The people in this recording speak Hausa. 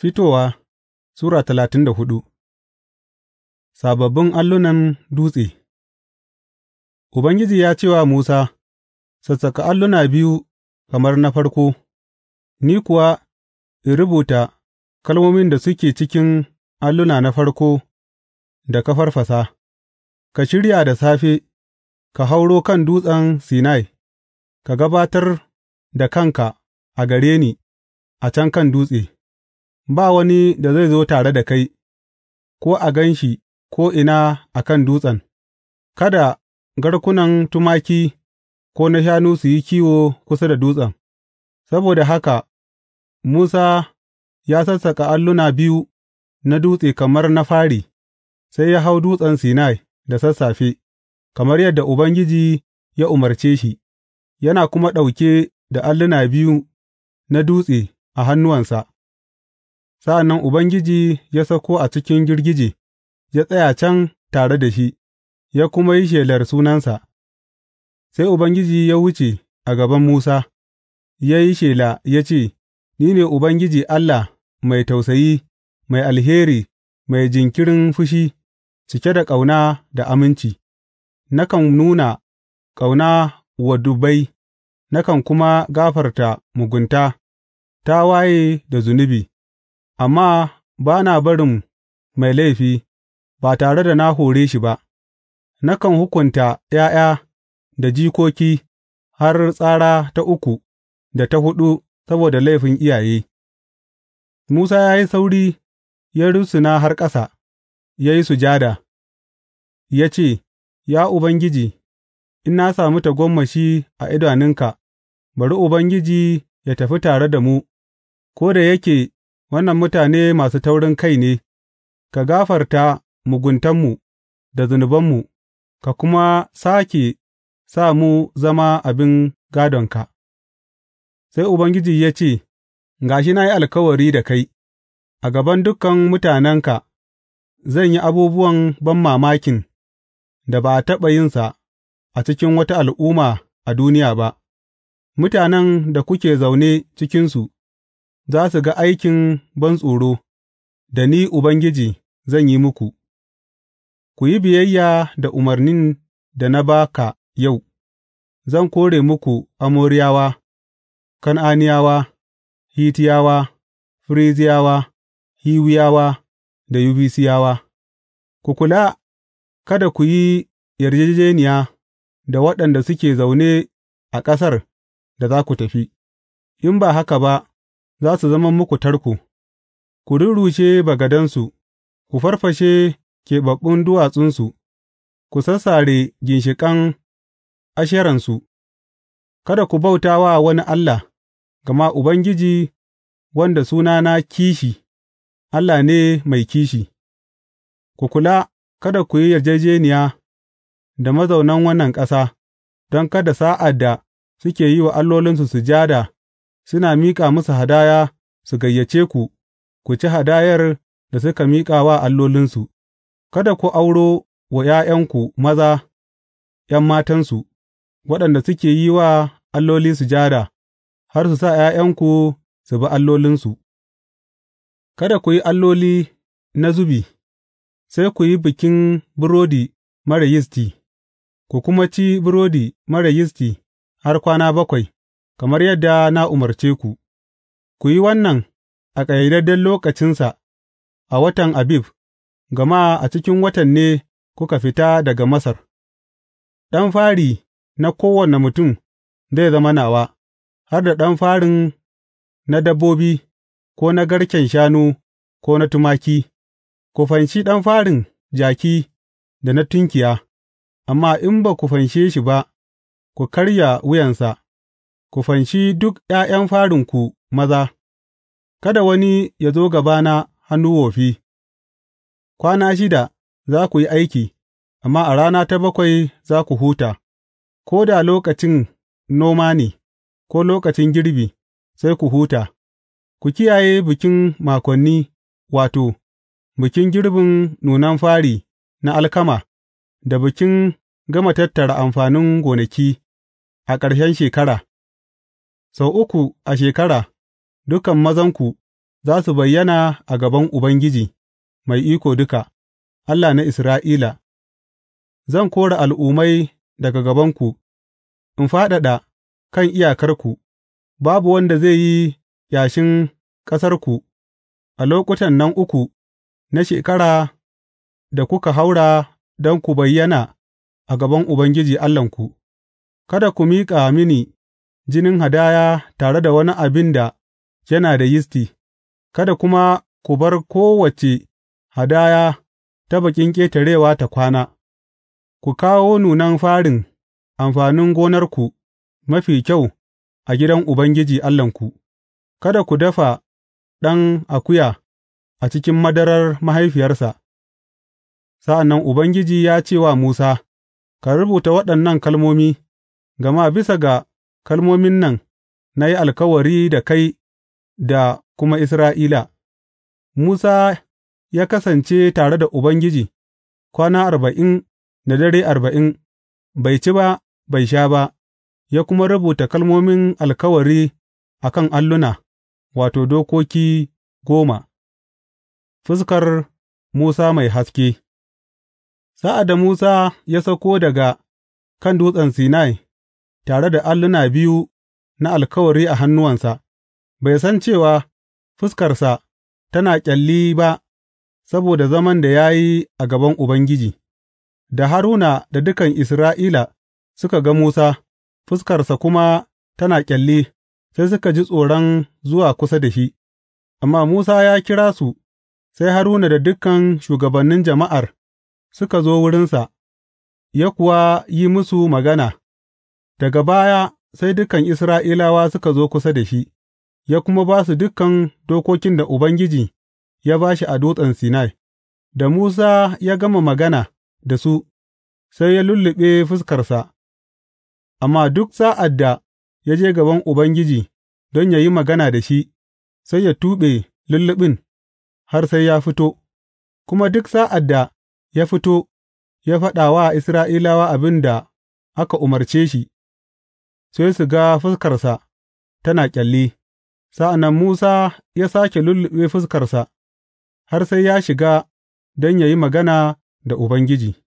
Fitowa Sura talatin da hudu Sababbin allunan dutse Ubangiji ya ce wa Musa, sassaka alluna biyu kamar na farko, ni kuwa in rubuta kalmomin da suke cikin alluna na farko da ka farfasa, ka shirya da safe, ka hauro kan dutsen Sinai, ka gabatar da kanka a gare ni a can kan dutse. ba wani da zai zo tare da kai, ko a gan shi ko'ina a kan dutsen, kada garkunan tumaki ko na shanu su yi kiwo kusa da dutsen, saboda haka Musa ya sassaƙa alluna biyu na dutse kamar na fari, sai ya hau dutsen Sinai da sassafe, kamar yadda Ubangiji ya umarce shi, yana kuma ɗauke da alluna biyu na dutse a hannuwansa. Sa'an nan Ubangiji ya sauko a cikin girgije, ya tsaya can tare da shi, ya kuma yi shelar sunansa, sai Ubangiji ya wuce a gaban Musa, ya yi shela ya ce, Ni ne Ubangiji Allah mai tausayi, mai alheri, mai jinkirin fushi, cike da ƙauna da aminci, nakan nuna ƙauna wa dubbai, nakan kuma gafarta mugunta, ta waye da zunubi. amma ba na barin mai laifi ba tare da na hore shi ba; nakan hukunta ’ya'ya da jikoki har tsara ta uku da ta huɗu saboda laifin iyaye. Musa ya yi sauri ya rusuna har ƙasa, ya yi sujada, ya ce, Ya Ubangiji, in na sami tagomashi a idanunka, bari Ubangiji ya tafi tare da mu, ko da yake Wannan mutane masu taurinkai ne; ka gafarta muguntanmu da zunubanmu ka kuma sāke sa mu zama abin gādonka. Sai Ubangiji ya ce, Ga shi na yi alkawari da kai, a gaban dukan mutanenka zan yi abubuwan banmamakin da ba a taɓa yinsa a cikin wata al'umma a duniya ba, mutanen da kuke zaune cikinsu. za su ga aikin bantsoro da ni Ubangiji zan yi muku, ku yi biyayya da umarnin da na ba ka yau, zan kore muku Amoriyawa, Kan'aniyawa, Hitiyawa, Firiziyawa, Hiwiyawa da Yubisiyawa. ku kula kada ku yi yarjejeniya da waɗanda suke zaune a ƙasar da za ku tafi, in ba haka ba. za su zama muku tarko, ku rurrushe bagadansu, ku farfashe keɓaɓɓun duwatsunsu, ku sassare ginshiƙan Asheransu, kada ku bauta wa wani allah, gama Ubangiji, wanda sunana Kishi, Allah ne mai kishi, ku kula kada ku yi yarjejeniya da mazaunan wannan ƙasa, don kada sa'ad da suke yi wa allolinsu sujada suna miƙa musu hadaya su gayyace ku, ku ci hadayar da suka miƙa wa allolinsu, kada ku auro wa ’ya'yanku maza ’yan matansu, waɗanda suke yi wa alloli sujada, har su sa ’ya'yanku su bi allolinsu, kada ku yi alloli na zubi, sai ku yi bikin burodi marar yisti, ku kuma ci burodi marar yisti har kwana bakwai. kamar yadda na umarce ku, ku yi wannan a ƙayyadadden lokacinsa a watan Abib, gama a cikin watan ne kuka fita daga Masar, ɗan fari na kowane mutum zai zama nawa, har da ɗan farin na dabbobi, ko na garken shanu, ko na tumaki, ku fanshi ɗan farin jaki da na tunkiya, amma in ba ku fanshe shi ba, ku karya wuyansa. Ku fanshi duk ’ya'yan farinku maza, kada wani yă zo gabana hannu wofi; kwana shida za ku yi aiki, amma a rana ta bakwai za ku huta, ko da lokacin noma ne, ko lokacin girbi, sai ku huta, ku kiyaye Bikin makonni, wato, Bikin girbin nunan fari na alkama da Bikin Gama Tattara amfanin gonaki a ƙarshen shekara. sau uku a shekara, dukan mazanku za su bayyana a gaban Ubangiji Mai Iko Duka, Allah na Isra'ila, zan kora al'ummai daga gabanku, in fadada kan iyakarku, babu wanda zai yi yashin ƙasarku a lokutan nan uku na shekara da kuka haura don ku bayyana a gaban Ubangiji Allahnku, kada ku miƙa mini. jinin hadaya tare da wani abin da yana da yisti, kada kuma ku bar kowace hadaya ta Bikin Ƙetarewa ta kwana, ku kawo nunan farin amfanin gonarku mafi kyau a gidan Ubangiji Allahnku, kada ku dafa ɗan akuya a cikin madarar mahaifiyarsa. Sa'an nan Ubangiji ya ce wa Musa, Ka rubuta waɗannan kalmomi, gama bisa ga kalmomin nan na yi alkawari da kai da kuma Isra'ila. Musa ya kasance tare da Ubangiji kwana arba'in da dare arba'in, bai ci ba, bai sha ba, ya kuma rubuta kalmomin alkawari a kan alluna, wato, dokoki goma. Fuskar Musa mai haske Sa'ad da Musa ya sauko daga kan dutsen Sinai, tare da alluna biyu na alkawari a hannuwansa, bai san cewa fuskarsa tana ƙyalli ba saboda zaman da ya yi a gaban Ubangiji, da Haruna da dukan Isra'ila suka ga Musa, fuskarsa kuma tana ƙyalli, sai suka ji tsoron zuwa kusa da shi, amma Musa ya kira su, sai Haruna da dukan shugabannin jama'ar suka zo wurinsa, ya kuwa yi musu magana. Daga baya sai dukan Isra'ilawa suka zo kusa da shi, ya kuma ba su dukan dokokin da Ubangiji ya ba shi a Dutsen Sinai, da Musa ya gama magana da su, sai ya lulluɓe fuskarsa, amma duk sa'ad da ya je gaban Ubangiji don yă yi magana da shi, sai ya tuɓe lulluɓin har sai ya fito, kuma duk sa'ad da ya fito, ya faɗa wa Isra'ilawa abin da aka umarce shi. sai su ga fuskarsa tana ƙyalli, sa'an nan Musa ya sāke lulluɓe fuskarsa, har sai ya shiga don yă yi magana da Ubangiji.